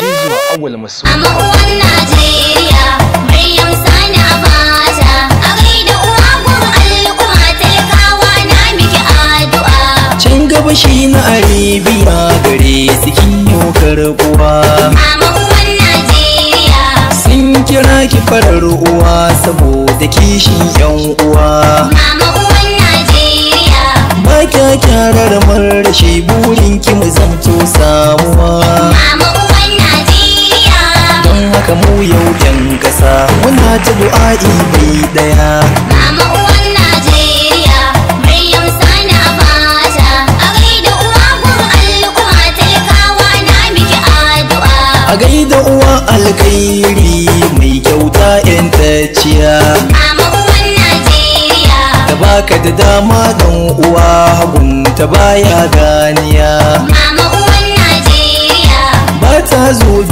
jizuwa awal masu a mahuwan najeriya maryam sana fata a gaida uwa gun al'umma talakawa na miki addu'a Cin gabashi na arabiya gare su kiyo karbuwa a mahuwan najeriya sun kira ki farar uwa saboda kishin yan uwa a mahuwan najeriya ba kya kyarar marashi bala'i bai daya mama uwan najeriya maryam sani a fata a gaida uwa kun al'umma talakawa na miki addu'a a gaida uwa alkhairi mai kyauta yantacciya mama uwan najeriya ta baka da dama don uwa hagunta baya ganiya mama uwan najeriya ba ta zo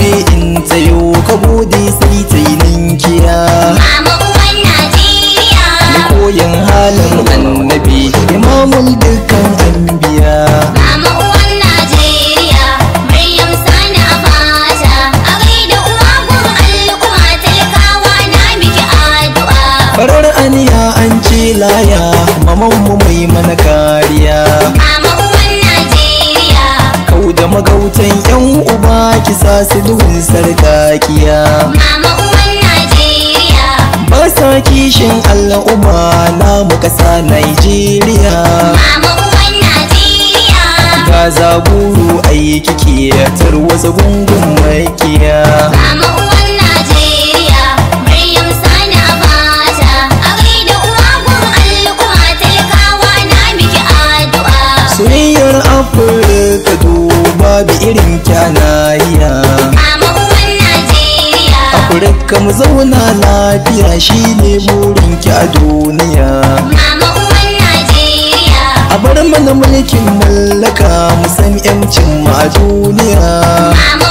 saniya an ce laya mamanmu mai mana kariya kau da magautan yan uba ki sa su duhun sarkakiya ba sa kishin allah uba na muka sa nigeria ga zaguru ayi kike tarwasa gungun makiya babu irin kyanariya Afirka mu zauna lafiya shine burin ki a duniya A bar mana mulkin mallaka mu san 'yancin mu a duniya